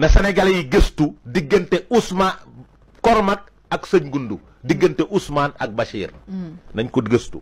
na sénégalais yi gëstu digënté Ousmane Kormak ak sëñ Gundu digënté Ousmane ak Bachir mm. nañ ko gëstu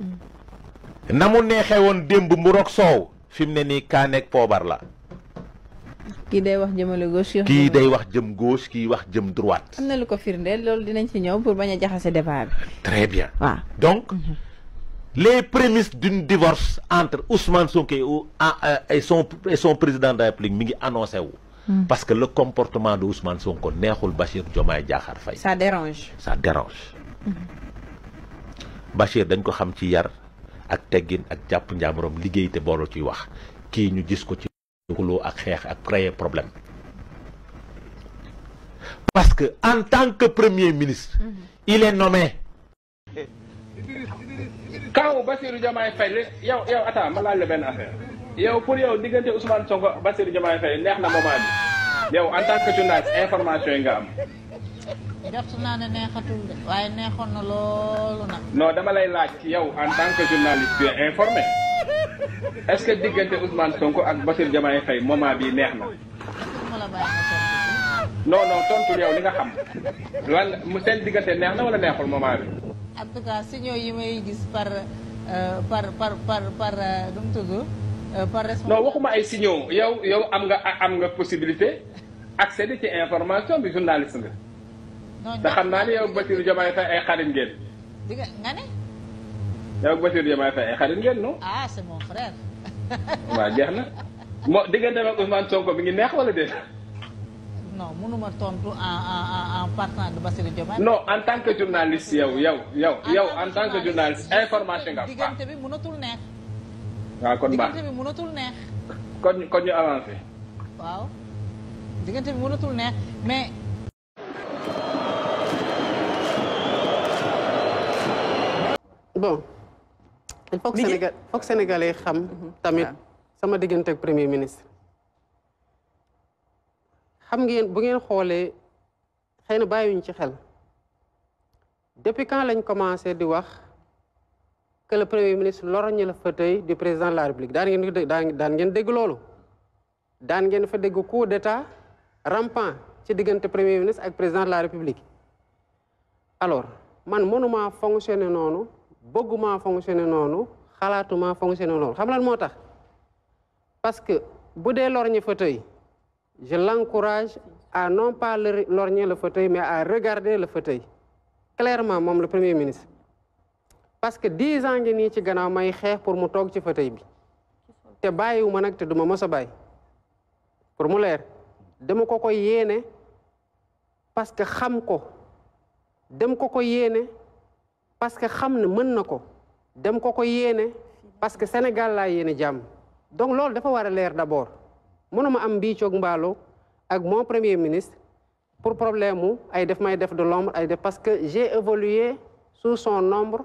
mm. na mu neexee woon mu rok soow fi mu ne nii la ki day wax jëmale gauche ki day wax jëm gauche ki wax jëm droite amna lu ko firndé lolou dinañ ci ñëw pour baña jaxassé débat bi très bien wa donc mm-hmm. les prémices d'une divorce entre Ousmane Sonko ah, euh, et son président de la République mi ngi annoncé wu Hmm. parce que le comportement de Ousmane Sonko neexul Bachir Diomaye Diakhar Fay ça dérange. ça dérange. Hmm. Bachir dañ ko xam ci yar ak teggin ak japp njaamuram liggéey te booloo ciy wax ki ñu gis ko ci xuloo ak xeex ak créer problème. parce que en tant que premier ministre. Hmm. il est nommé. kaw eh, Bassirou Diomaye Fay yow yow attends ma le ben affaire. yow pour yow diggante Ousmane Sonko Bassirou Diomaye Faye neex na moment bi yow en tant que journaliste information yi nga am. jot naa ne neexatul de waaye neexoon na loolu nag. non dama lay laaj ci yow en tant que journaliste tu informé est que diggante Ousmane Sonko ak Bassirou yi Faye moment bii neex na. non non tontu yow li nga xam lan seen diggante neex na wala neexul moment bi. en tout cas yi may gis par euh, par par par par euh, nu Euh, no, non waxuma ay signaux yow yow am nga am nga possibilité accéder ci information bi journaliste nga. te xam naa ne yow Bassirou Diomaye Faye ay xarit ngeen. di nga ne. yow Bassirou Diomaye Faye ay xarit ah c'est mon frère. waaw jeex na moo diggante ak Ousmane Sonko mi ngi neex wala de non mënuma tontu en en en partant de Bassirou Diomaye. non en tant que journaliste yow yow yow yow en tant que journaliste information nga waaw ah, kon baax diggante bi mënatul neex. kon bi mënatul neex mais. bon il faut que Sénégal il faut xam. Mhm. tamit sama diggante ak premier ministre. xam ngeen bu ngeen xoolee xëy na bàyyiwuñ ci xel. depuis quand lañ commencé di wax. que le premier ministre lorgne le fauteuil du président de la république daan ngeen daan ngeen dégg loolu daan ngeen fa dégg coup d'état rampant ci diggante premier ministre ak président de la république alors man mënuma fonctionner noonu bëgguma fonctionner noonu xalaatuma fonctionner noonu xam lan moo tax parce que bu dee lorgne fauteuil je l'encourage à non pas la le fauteuil mais à regarder le fauteuil clairement moom le premier ministre parce que dix ans ngi nii ci gannaaw may xeex pour mu toog ci fauteuil bi te bàyyiwu ma nag te duma mos a bàyyi pour mu leer dama ko koy yéene parce que xam ko dem ko ko yéene parce que xam ne mën na ko dem ko ko yéene parce que Sénégal laa yéene jàmm donc loolu dafa war a leer d'abord mënuma am mbiicoog mbaalo ak mon premier ministre pour problème mu ay def may def de l'ombre ay def parce que j'ai évolué sous son ombre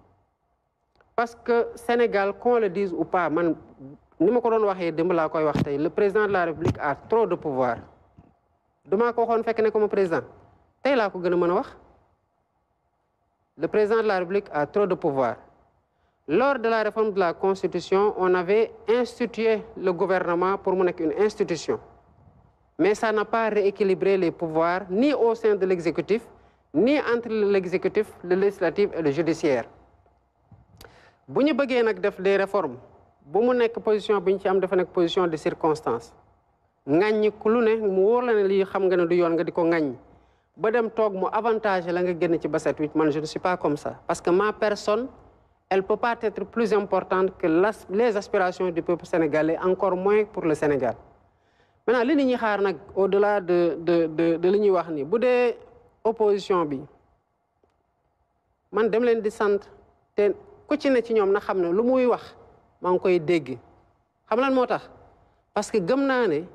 parce que Sénégal qu'on le dise ou pas man le président de la République a trop de pouvoir Demain, comme président le président de la République a trop de pouvoir lors de la réforme de la constitution on avait institué le gouvernement pour mon ait une institution mais ça n'a pas rééquilibré les pouvoirs ni au sein de l'exécutif ni entre l'exécutif le législatif et le judiciaire bu ñu nak def des réformes bu mu nekk position bi ci am def nak position de circonstance ŋàññi ku lu ne mu wóor la ne lii xam nga ne du yoon nga di ko ba dem toog mu avantage la nga génn ci baset man je ne suis pas comme ça parce que ma personne elle peut pas être plus importante que les aspirations du peuple sénégalais encore moins pour le Sénégal maintenant li ni ñuy xaar au delà de de de de li ñuy wax ni bu dee opposition bi man dem leen di ku ci ne ci ñoom na xam ne lu muy wax maa ngi koy dégg xam lan moo tax parce que gëm naa ne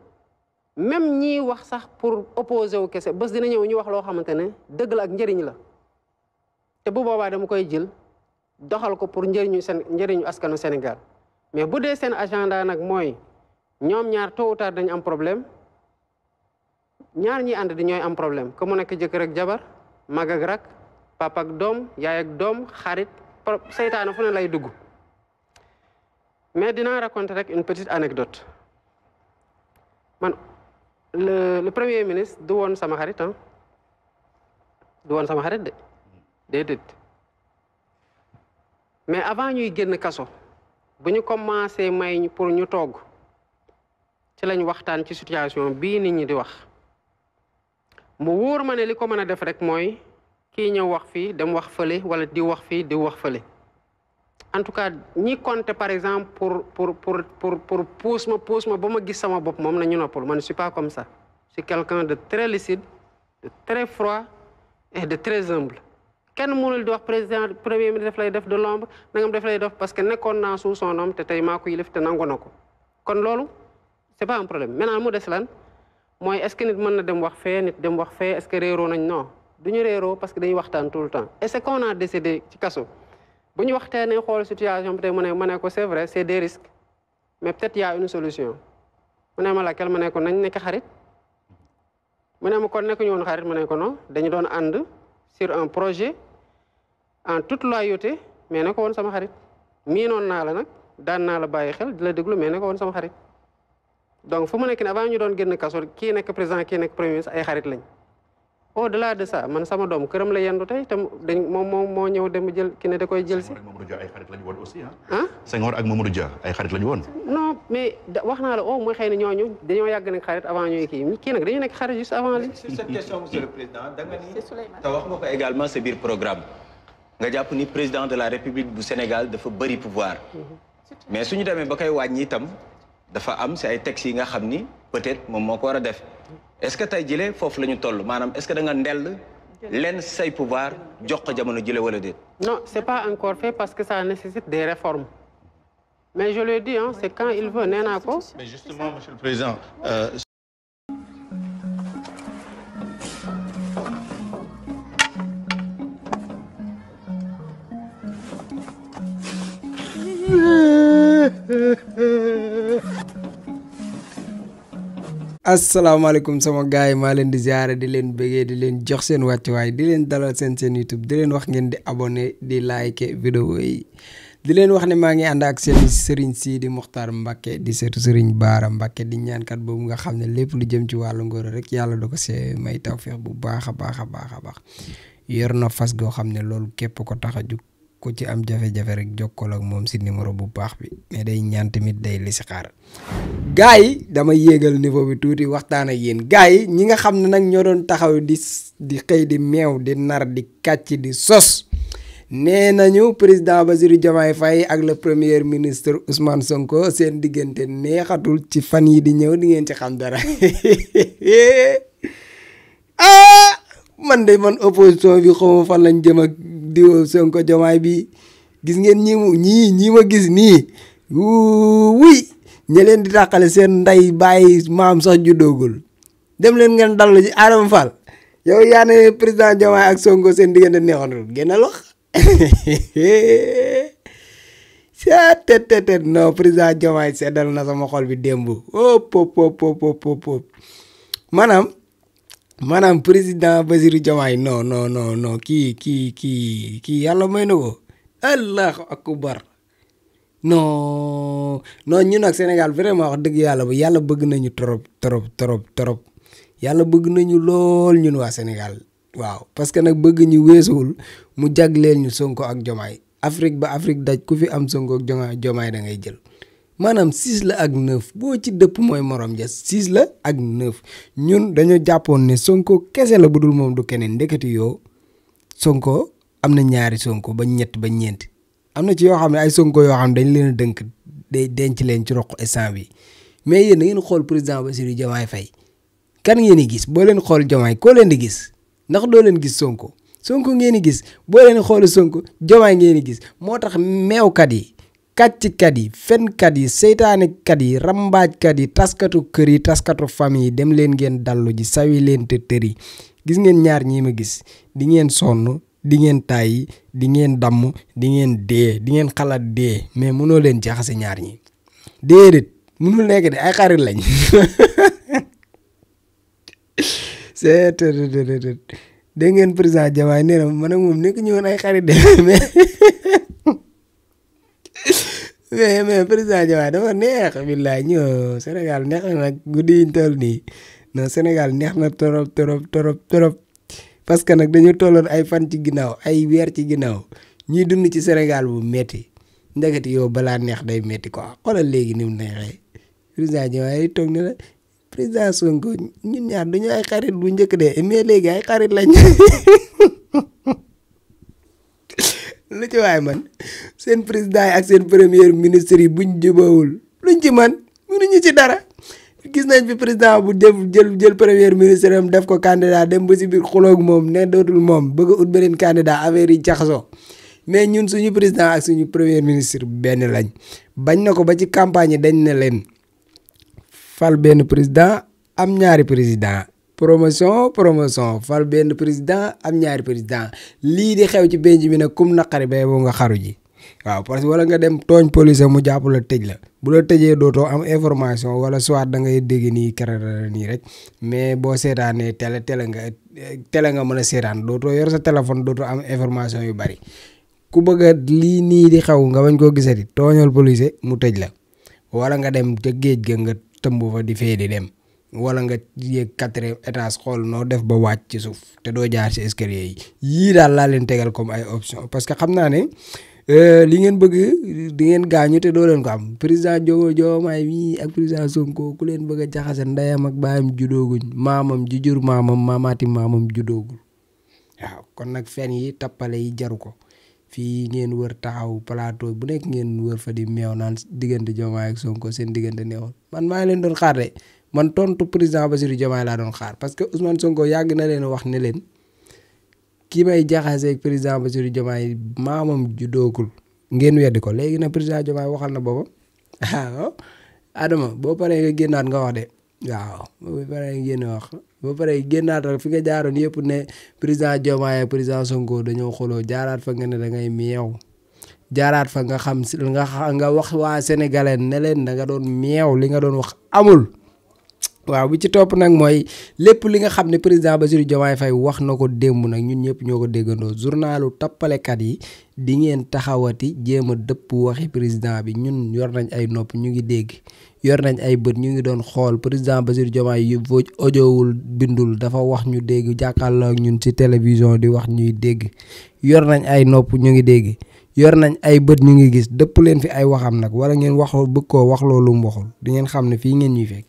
même ñii wax sax pour opposer wu kese bés dina ñëw ñu wax loo xamante ne dëgg la ak njëriñ la te bu boobaa dama koy jël doxal ko pour njëriñu seen njëriñu askanu Sénégal mais bu dee seen agenda nag mooy ñoom ñaar tôt ou dañu am problème ñaar ñi ànd dañooy am problème que mu nekk jëkkër jabar mag rak papa doom yaay doom xarit seytaane fu ne lay dugg mais dinaa raconter rek une petite anecdote man le le premier ministre du woon sama xarit ah du woon sama xarit de déedéet mais avant ñuy génn kaso bu ñu commencé may pour ñu togg ci lañ waxtaan ci situation bii nit ñi di wax mu wóor ma ne li ko mën a def rek mooy kii ñëw wax fi dem wax feulé wala di wax fi di wax feulé en tout cas ñi compter par exemple pour pour pour pour pour pousse ma pousse ma bama gis sama bop mom la ñu noppal man je suis pas comme ça je suis quelqu'un de très lucide de très froid et de très humble kenn mënul di wax président premier ministre daf lay def de l'ombre nangam daf lay def parce que nekkoon na sous son nom té tay mako ko yilif te ko kon lolu c'est pas un problème maintenant mu dess lan moy est-ce que nit mën na dem wax fee nit dem wax fee est-ce que réeroo nañ non du ñu réeroo parce que dañuy waxtaan tout le temps et c'est qu'on a décidé ci kaso bu ñu waxtaanee xool situation bi tey ma ne ko c'est vrai c'est des risques mais peut-être y a une solution mu ma laquelle ma ne ko nañ nekk xarit mu ne ma kon nekk ñu woon xarit ma ne ko non dañu doon ànd sur un projet en toute loyauté mais ne ko woon sama xarit miinoon naa la nag daan naa la bàyyi xel di la déglu mais ne ko woon sama xarit donc fu mu nekk nii avant ñu doon génn kaso ki nekk président kii nekk premier ay xarit lañ. au oh, delà de ça man sama dom. këram la yendu tey te dañ moom moom moo ñëw dem jël ki ne da koy jël si. Senghor ak Mamadou Dia ay xarit ah. non mais wax naa la oh mooy xëy na ñooñu dañoo yàgg xarit avant ñooy kii kii nag dañu nekk xarit juste avant li. sur cette question monsieur le président da nga ni te wax nga également sa biir programme nga jàpp ni président de la république bu Sénégal dafa pouvoir mais suñu ba dafa am ay yi nga peut-être moom moo def est-ce que tay jilé foofu lañu ñu toll maanaam est-ce que da nga ndell len say pouvoir jox ko jamono jilé wala déet. non c'est pas encore fait parce que ça nécessite des réformes. Mais je le dis, hein, c'est quand il veut, nena ko Mais justement, Monsieur le Président, euh, asalaamaaleykum sama gars yi maa leen di ziare di leen bëggee di leen jox seen wàccuwaay di leen dalal seen seen YouTube di leen wax ngeen di abone di like vidéo yi di leen wax ne maa ngi ànd ak seen sëriñ sii di Muxtaar Mbàkke di seetu sëriñ Baara Mbàkke di ñaankat boobu nga xam ne lépp lu jëm ci wàllu ngoro rek yàlla da ko see may tawféex bu baax a baax a baax a baax yor na fas goo xam ne loolu képp ko tax a jug ku ci am jafe-jafe rek jokkool ak moom si numéro bu baax bi mais day ñaan tamit day listixaar gars yi dama yéegal niveau bi tuuti waxtaan ak yéen gars yi ñi nga xam ne nag ñoo doon taxaw di di xëy di meew di nar di kàcc di sos nee nañu président Bassirou Diomaye Faye ak le premier ministre Ousmane Sonko seen diggante neexatul ci fan yi di ñëw di ngeen ci xam dara ah! man day man opposition bi xawma fan lañ jëm ak diw sonko jomaay bi gis ngeen ñi mu ñii ñi ma gis ni wi ña leen di takale seen nday bàyyi maam sax dogul dem leen ngeen dal ci adam fall yow yaa ne président jomaay ak sonko seen diggante neexoon génnal wax tet tet tet no président jomaay sédal na sama xol bi dembu oh pop pop pop pop pop manam maanaam président Basirou jomay non non non non kii kii kii kii yàlla may na ko allahu akbar non no ñun ak Sénégal vraiment wax dëgg yàlla ba yàlla bëgg nañu trop trop trop trop yàlla bëgg nañu lool ñun waa Sénégal waaw parce que nag bëgg ñu weesuwul mu jagleel ñu Sonko ak Diomaye Afrique ba Afrique daj ku fi am Sonko ak Diomaye da ngay jël maanaam 6 la ak 9 boo ci dëpp mooy moroom ja 6 la ak 9 ñun dañoo jàppoon ne Sonko kese la bu dul moom du keneen ndeketi yoo Sonko am na ñaari Sonko ba ñett ba ñeent am na ci yoo xam ne ay Sonko yoo xam ne dañ leen a dënk day denc leen ci roq instant bi mais yéen da ngeen xool président Bassirou Diomaye fay kan ngeen di gis boo leen xool Diomaye koo leen di gis ndax doo leen gis Sonko Sonko ngeen di gis boo leen xool Sonko Diomaye ngeen di gis moo tax meewkat yi. katchi kadi, fen kadi setané kadi, rambaajkat kadi, taskatu keri, taskatu famille dem len ngeen dallu ji sawi len te teeri gis ngeen ñaar ñi ma gis di ngeen sonu di ngeen tay di ngeen dam di ngeen dee di ngeen xalaat dee mais mëno len jaxase ñaar ñi déedéet mënu nekk de ay xarit lañ c'est de ngeen président Diomaye nee man ak mom nekk ñu woon ay xarit de mais mais mais président Diomaye dafa neex billaay ñoo Sénégal neex na nag guddi yiñ toll nii non Sénégal neex na torop torop torop torop parce que nag dañu tolloon ay fan ci ginnaaw ay weer ci ginnaaw ñuy dund ci Sénégal bu metti ndekete yow balaa neex day metti quoi xoolal léegi ni mu neexee président Diomaye toog ne la président Sonko ñun ñaar dañu ay njëkk de mais léegi ay xarit lañ lu waay man seen président ak seen premier ministre yi buñ jubawul luñ ci man mënuñu ci dara gis nañ fi président bu def jël jël premier ministre am def ko candidat dem ba si biir xuloog moom ne dootul moom bëgg a ut beneen candidat yi jaxasoo mais ñun suñu président ak suñu premier ministre benn lañ bañ na ko ba ci campagne yi dañ ne leen fal benn président am ñaari président promotion promotion fal benn président am ñaari président lii di xew ci Benjamin nag kum naqari bay nga xaru ji waaw parce que wala nga dem tooñ police mu jàpp la tëj la bu la tëjee dootoo am information wala soit da ngay dégg nii kerala nii rek mais boo seetaanee tele tele nga tele nga mën a seetaan dootoo yor sa téléphone dootoo am information yu bari ku bëgg a lii nii di xew nga bañ koo gisati tooñal police mu tëj la wala nga dem ca géej ga nga tëmb fa di fee di dem wala nga yéeg quatrième étage xool noo def ba wàcc ci suuf te doo jaar ci escalier yi yii daal laa leen tegal comme ay option parce que xam naa ne euh, li ngeen bëgg di ngeen gaañu te doo leen ko am président Diomaye Diomaye mii ak président Sonko ku leen bëgg a jaxase ndeyam ak baayam juddooguñ maamam ju jur maamam maamati maamam juddoogul waaw kon nag fen yi tappale yi jaru ko fii ngeen wër taxaw plateau bu nekk ngeen wër fa di meew naan diggante Diomaye ak Sonko seen diggante neexul man tontu président ba Bassirou Diomaye laa doon xaar parce que Ousmane Sonko yàgg na leen wax ne leen may jaxaseeg président ba Bassirou Diomaye maamam ju doogul ngeen weddi ko léegi nag président Diomaye waxal na boppam waaw Adama boo paree nga génnaat nga wax de waaw boo paree nga génn wax boo paree génnaatal fi nga jaaroon yëpp ne président Diomaye ak président Sonko dañoo xoloo jaaraat fa nga ne da ngay meew jaaraat fa nga xam nga nga wax waa sénégalais ne leen da nga doon meew li nga doon wax amul waaw bi ci topp nag mooy lépp li nga xam ne président Bassirou Diomaye fay wax na ko démb nag ñun ñëpp ñoo ko déggandoo journalu tappalekat yi di ngeen taxawati jéem a dëpp waxi président bi ñun yor nañ ay nopp ñu ngi dégg yor nañ ay bët ñu ngi doon xool président Bassirou Diomaye yu audiowul bindul dafa wax ñu dégg jàkkaarloo ñun ci télévision di wax ñuy dégg yor nañ ay nopp ñu ngi dégg yor nañ ay bët ñu ngi gis dëpp leen fi ay waxam nag wala ngeen waxoo bëgg koo wax loolu mu waxul di xam ne fii ngeen ñuy fekk.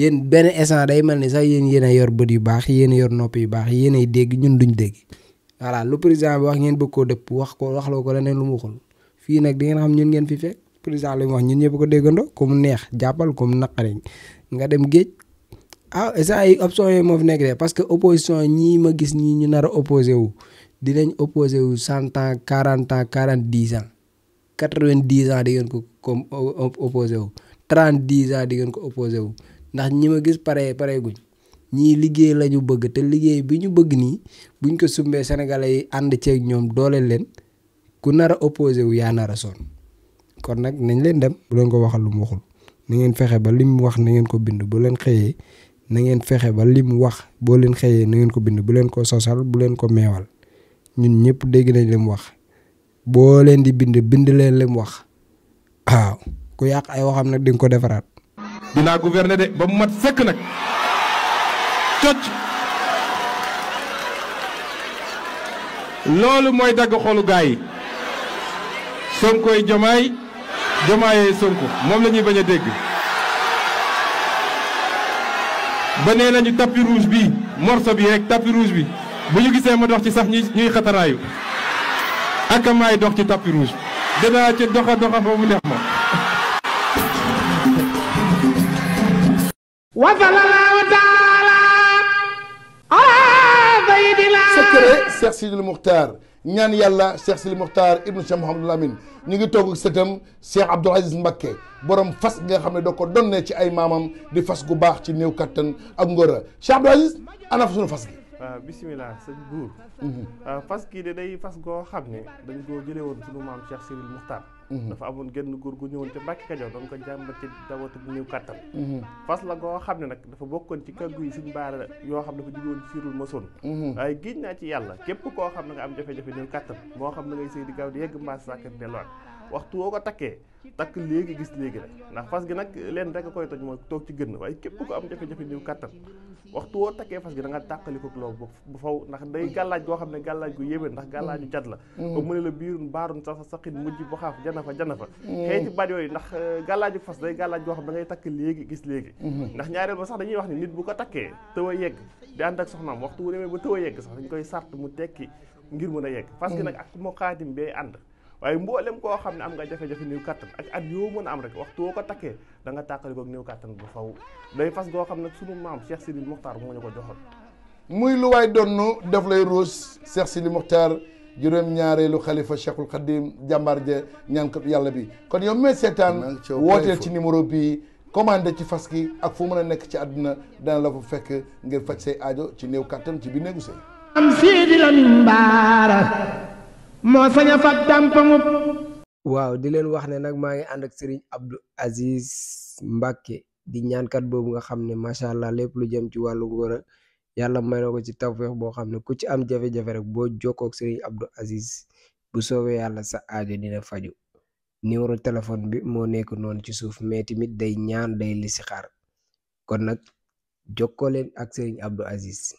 yéen benn instant day mel ni sax yéen yéen a yor bët yu baax yéen a yor nopp yu baax yéen ay dégg ñun duñ dégg voilà lu président bi wax ngeen bëgg koo dëpp wax ko wax waxloo ko leneen lu mu waxul fii nag di ngeen xam ñun ngeen fi fekk président li mu wax ñun ñëpp ko déggandoo ku mu neex jàppal ku mu naqari nga dem géej ah instant ay option yooyu moo fi nekk de parce que opposition ñii ma gis ñii ñu nar a opposé wu dinañ opposé wu cent ans quarante ans quarante dix ans quatre vingt dix ngeen ko comme opposé wu trente dix ans di ngeen ko opposé wu. ndax ñi ma gis pare pare guñ ñii liggéey lañu bëgg te liggéey bi ñu bëgg nii buñ ko sumbee sénégalais yi ànd ceeg ñoom dooleel leen ku nar a opposé wu yaa nar a sonn kon nag nañ leen dem bu leen ko waxal lu mu waxul na ngeen fexe ba li mu wax na ngeen ko bind bu leen xëyee na ngeen fexe ba li mu wax boo leen xëyee na ngeen ko bind bu leen ko sosal bu leen ko meewal ñun ñëpp dégg nañ li wax boo leen di bind bind leen li wax waaw ku yàq ay waxam nag di nga ko defaraat dinaa gouverner de ba mu mat sëkk nag cocc loolu mooy dagg xolu gaa yi sonkooy jomaay jomaayee sonko moom la ñuy bañ a dégg ba nee nañu tapis rouge bi morceau bi rek tapis rouge bi bu ñu gisee ma dox ci sax ñuy xataraayu ak maay dox ci tapis rouge dinaa ci doxa doxa fa mu neex ma wasalaalaahu taala ala sayidina secret Cheikh Sidil Muxtaar ñaan yàlla Cheikh Sidil Muxtaar ibnu Cheikh Mouhamadul Amin ñu ngi toog ak sëtam Cheikh Abdoul Aziz Mbacké borom fas nga xam ne doo ko donnee ci ay maamam di fas gu baax ci néew kattan ak ngóor a Cheikh Abdoul Aziz ana fa suñu fas gi waaw ah, bisimilah sëñ mhm. ah, fas gi de day fas goo xam ne dañu koo jëlee woon ci sunu maam Cheikh Sidil Muxtaar Mm-hmm. dafa amoon genn góor gu ñëwoon ca Mbàkke Kajoor doon ko jàmbat ci dawatu bu néew kàttan mm-hmm. fas la goo xam ne nag dafa bokkoon ci kaggu yi suñ baara yoo xam ne dafa jugoon ma masoon mm-hmm. waaye giñ naa ci yàlla képp koo xam ne nga am jafe-jafe néew kàttan moo xam ne ngay sëy di gaaw di yegg mbaas sàkkat delluwaat waxtu woo ko takkee takk léegi gis léegi rek ndax fas gi nag leen rek a koy toj mooy toog ci gën waaye képp ko am jafe-jafe niw kàttan waxtu woo takkee fas gi da nga tàqali ko loolu bu faw ndax day gàllaaj goo xam ne gàllaaj gu yéeme ndax gàllaaju jat la mm. ba mu ne la biirun baarun sa sa saqin mujj bu xaaf jana fa jana ndax euh, gàllaaju fas day gàllaaj goo xam da ngay takk léegi gis léegi mm-hmm. ndax ñaareel ba dañuy wax ne nit bu ko takkee tëw a yegg di ànd ak soxnaam waxtu wu demee ba tëw a yegg sax dañ koy sart mu tekki ngir mën a yegg mm. fas gi nag ak moo xaatim bee ànd waaye mboolem koo xam ne am nga jafe-jafe néew kattan ak at yoo mën a am rek waxtu ko takkee da nga tàqali ko néew kattan bu faw day fas goo xam nag sunu maam Cheikh Sidi Mokhtar moo ñu ko joxoon muy lu waay donnu def lay ruus Cheikh Sidi Mokhtar juróom ñaareelu xalifa Cheikhul Khadim jàmbaar ja ñaankat yàlla bi kon yow mee seetaan wooteel ci numéro bii commandé ci fas gi ak fu mën a nekk ci àdduna dana la fa fekk ngir faj say aajo ci néew kattan ci bi néegu sëy am siidi la mimbaara moo sañ a fag waaw di leen wax ne nag maa ngi ànd ak Serigne Abdou Aziz Mbacke di ñaankat boobu nga xam ne macha allah lépp lu jëm ci wàllu ngóor yàlla may ko ci tawféex boo xam ne ku ci am jafe-jafe rek boo jokkoo ak Serigne Abdou bu soowee yàlla sa aajo dina faju numéro téléphone bi moo nekk noonu ci suuf mais tamit day ñaan day listixaar kon nag jokkoo leen ak Serigne Abdou Aziz.